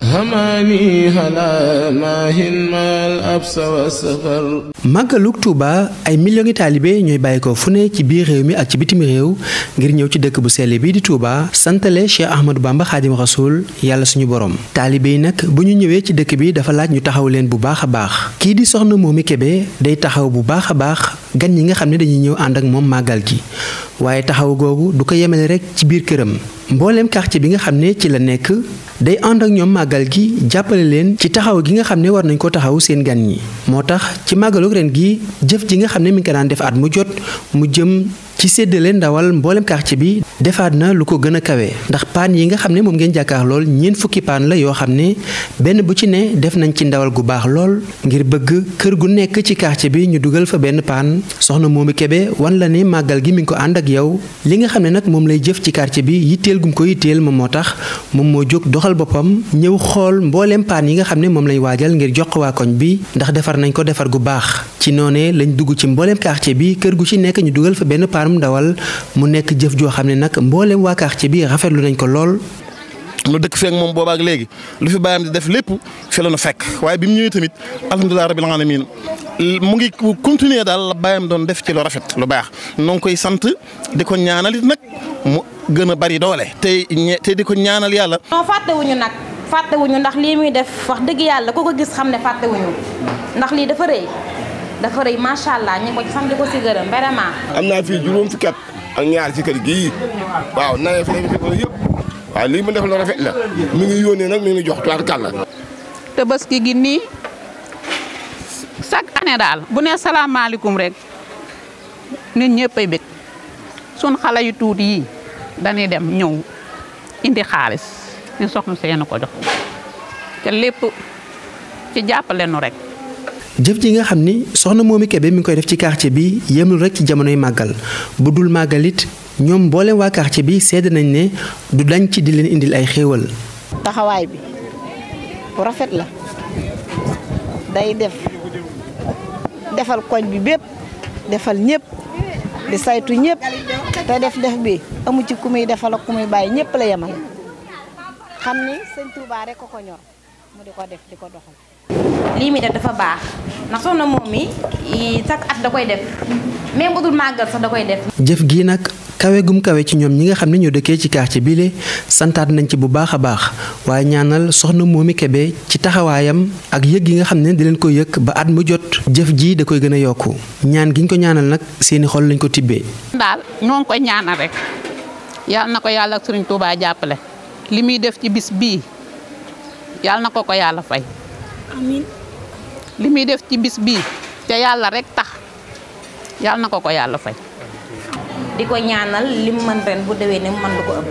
hamani hala ay millions yi taalibe ñooy bàyyi ko fu ne ci biir réew mi ak ci bitim réew ngir ñëw ci dëkk bu sell bii di Touba santale Cheikh Ahmadou Bamba Xaadim Rasul yàlla suñu borom taalibe yi nag bu ñu ñëwee ci dëkk bi dafa laaj ñu taxaw leen bu baax a baax kii di soxna Momy Kébé day taxaw bu baax a baax gan ñi nga xam ne dañuy ñëw ànd ak moom màggal gi waaye taxaw googu du ko yemale rek ci biir këram mbooleem quartier bi nga xam ne ci la nekk day ànd ak ñoom màggal gi jàppale leen ci taxaw gi nga xam ne war nañ ko taxaw seen gan ñi moo tax ci màggalu ren gi jëf ji nga xam ne mi ngi ko daan def at mu jot mu jëm ci séddale ndawal mboolem quartier bi defaat na lu ko gën a kawe ndax paan yi nga xam ne moom ngeen jàkkaar lool ñeent fukki paan la yoo xam ne benn bu ci ne def nañ ci ndawal gu baax lool ngir bëgg kër gu nekk ci quartier bi ñu dugal fa benn paan soxna moom Momy kebe wan la ne màggal gi mi ngi ko ànd ak yow li nga xam ne nag moom lay jëf ci quartier bi yitteel gum ko yitteel moom moo tax moom moo jóg doxal boppam ñëw xool mboolem paan yi nga xam ne moom lañ waajal ngir jox waa koñ bi ndax defar nañ ko defar gu baax ci noonee lañ dugg ci mbooleem quartier bi kër gu ci nekk dugal kanam ndawal mu nekk jëf joo xam ne nag mboolem waa quartier bi rafetlu nañ ko lool. lu dëkk feek moom boobaak léegi lu fi bàyyam di def lépp fi la nu fekk waaye bi mu ñëwee tamit alhamdulilah rabbil alamin ngi continuer daal la bàyyam doon def ci lu rafet lu baax noo ngi koy sant di ko ñaanal it nag mu gën a bari doole tey tey di ko ñaanal yàlla. non fàttewuñu nag fàttewuñu ndax lii muy def wax dëgg yàlla ku ko gis xam ne fàttewuñu ndax lii dafa rëy. dafa rëy am na fii juróom fukki at ak ñaar ci kër gii waaw nawet fi nekk yëpp waaw lii mu def lu rafet la mi ngi yónnee nag mi ngi jox tuwaat kàlla. tabaski gi nii chaque année daal bu nee salaamaaleykum rek nit ñëppay bëgg sun xale yu tuuti yi dañuy dem ñëw indi xaalis ñu soxna seen ko jox te lépp ci jàppale nu rek. jëf ji nga xam ni soxna Momy Kébé mu ngi koy def ci quartier bi yemul rek ci jamonoy màggal bu dul màggalit ñoom mboolem waa quartier bi seede nañ ne du dañ ci di leen indil ay xéewal. taxawaay bi bu rafet la day def defal koñ bi bépp defal ñëpp di saytu ñëpp te def-def bi amu ci ku muy defal ak muy bàyyi ñëpp la yemal xam ni sëñ Touba ko ko ñor mu di ko def di ko doxal. lii muy def dafa baax ndax soxna moom mi chaque at da koy def même bu dul màggal sax da koy def. jëf gii nag kawe gum kawe ci ñoom ñi nga xam ne ñoo dëkkee ci quartier bile santaat nañ ci bu baax a baax waaye ñaanal soxna mi Kébé ci taxawaayam ak yëg gi nga xam ne di leen koy yëkk ba at mu jot jëf ji da koy gën a yokku ñaan gi ñu ko ñaanal nag seeni xol lañ ko tibbee. daal ñoo ko koy ñaanal rek yal na ko yàlla ak Serigne Touba jàppale li muy def ci bis bii yal na ko ko yàlla fay. li muy def ci bis bii te yàlla rek tax yàlla na ko ko yàlla fay. di ko ñaanal li mu mën ren bu déwee ne mu mën lu ko ëpp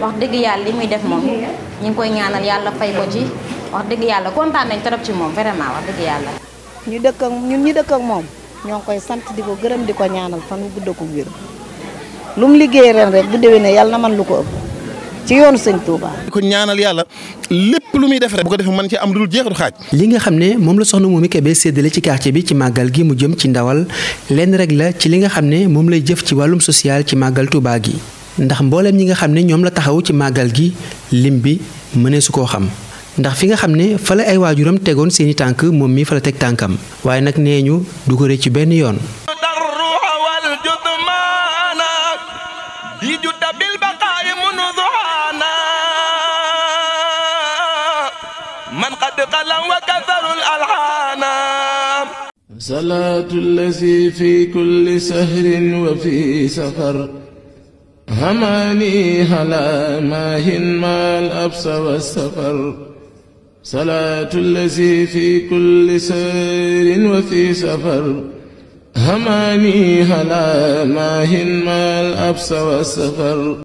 wax dëgg yàlla li muy def moom ñu ngi koy ñaanal yàlla fay ko ci wax dëgg yàlla kontaan nañ trop ci moom vraiment wax dëgg yàlla. ñu dëkk ñun ñu dëkk ak moom ñoo ngi koy sant di ko gërëm di ko ñaanal fan bu gudd ko wér lu mu liggéey ren rek bu déwee ne yàlla na mën lu ko ëpp ci yoonu sëñ Touba. ko ñaanal yàlla lépp lu muy def bu ko defee mën ci am lu dul li nga xam ne moom la soxna Momy Kébé séddale ci quartier bi ci màggal gi mu jëm ci ndawal lenn rek la ci li nga xam ne moom lay jëf ci wàllum social ci màggal Touba gi ndax mbooleem ñi nga xam ne ñoom la taxaw ci màggal gi lim bi mënee su koo xam ndax fi nga xam ne fa ay waajuram tegoon seeni tànk moom mi fa la teg tànkam waaye nag nee ñu du ci benn yoon man qad qalam wa katharul alxaanam salaatu allazi fi kulli sahrin wa fi safar hamaani hala maahin maal absa wa safar salaatu allazi fi kulli sahrin wa fi safar hamaani hala maahin maal absa wa safar